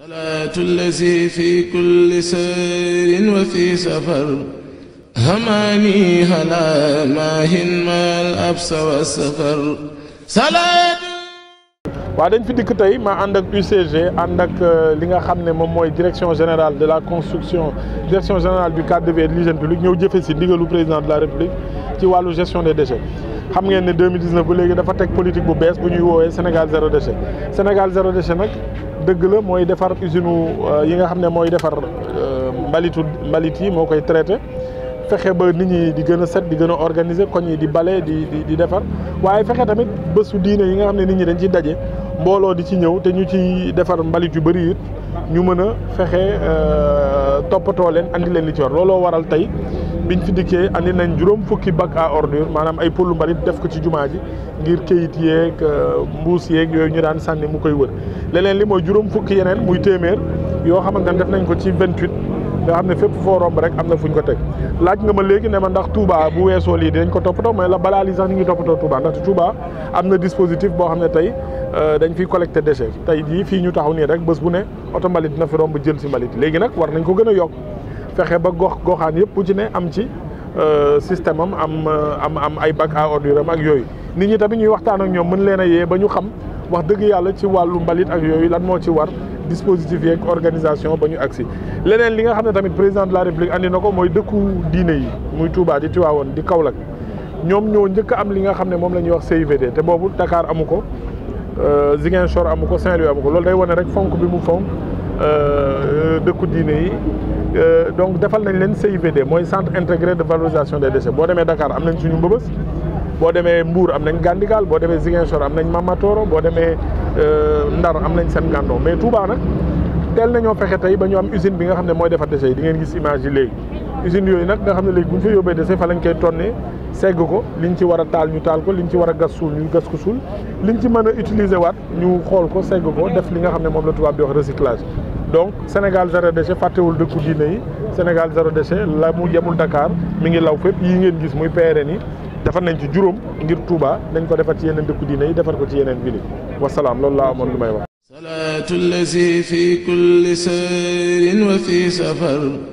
salaatu allazi fi kulli sayrin wa fi safar hamaani halaa maahin maal absa wa safar salaatu dañ fi dikk tey maa ànd ak UCG ànd euh, li nga xam ne moom mooy direction général de la construction direction générale du cadre de vie et de l'hygiène publique ñëw jëfe si ndigalu président de la république ci wàllu gestion des déchets xam ngeen ne 2019 bu léegi dafa teg politique bu bees bu ñuy woowee Sénégal zéro déchet Sénégal zéro déchet nag dëgg la mooy defar usine euh, yi nga xam ne mooy defar euh, mbalitu mbalit yi moo koy traité fexe ba nit ñi di gën a set di gën a organiser koñ yi di bale di di defar waaye fexe tamit bésu diine yi nga xam ne nit ñi dañ ci daje mbooloo di ci ñëw te ñu ci defar mbalit yu bëri it ñu mën a fexe euh, toppatoo leen andi leen li ci war looloo waral tey. biñ fi dikkee andi nañ juróom fukki bac à ordure maanaam ay pëlu mbalit def ko ci jumaa ji ngir këyit yeeg euh, mbuus yeeg yooyu ñu daan sànni mu koy wër leneen li mooy juróom fukki yeneen muy téeméer yoo xamante ne def nañ ko ci vingt-huit nga xam ne fépp foo romb rek am na fuñ ko teg laaj nga ma léegi ne ma ndax Touba bu weesoo lii dinañ ko toppatoo mais la balaa lii sax ñu ngi toppatoo Touba ndax Touba am na dispositif boo xam ne tey euh, dañ fiy collecté déchets tey jii fii ñu taxaw nii rek bés bu ne oto mbalit na fi romb jël si mbalit léegi nag war nañ ko gën a yokk fexe ba gox goxaan yëpp bu ci ne am ci euh, système am am euh, am am ay bac à ordure am ak yooyu nit ñi tamit ñuy waxtaan ak ñoom mën leen a yee ba ñu xam wax dëgg yàlla ci wàllu mbalit ak yooyu lan moo ci war dispositif yeeg organisation ba ñu agsi leneen li nga xam ne tamit président de la république andi na ko mooy dëkku diine yi muy Touba di Tiwaawoon di Kaolack ñoom ñoo njëkk am li nga xam ne moom la ñuy wax CIVD te boobu Dakar amu ko euh, Ziguinchor amu ko saint amu ko loolu day wane rek fonk bi mu fonk Euh, dëkku diine yi euh, donc defal nañ leen CIVD mooy centre intégré de valorisation des déchets boo demee Dakar am nañ suñu mbëbës boo demee Mbour am nañ Gandigal boo demee Ziguinchor am nañ Mamatoro boo demee euh, Ndar am nañ seen gàndoo mais Touba nag teel nañoo fexe tey ba ñu am usine bi nga xam ne mooy defa déchets yi di ngeen gis image yi léegi usine yooyu nag nga xam ne léegi bu fa yóbbee déchets fa lañ koy tonnee segg ko li liñ ci war a taal ñu taal ko li liñ ci war a gas suul ñu gas ko suul liñ ci mën a utiliser waat ñu xool ko segg ko def li nga xam ne moom la tubaab di wax recyclage donc Sénégal zéro déchet fàttewul dëkku diine yi Sénégal zéro déchet la mu yemul Dakar mi ngi law fépp yi ngeen gis muy PRN ni defar nañ ci juróom ngir Touba dañ ko defar ci yeneen dëkku diine yi defar ko ci yeneen ville wasalaam loolu laa amoon lu may wax salaatu lazi fi kulli sayrin wa fi safar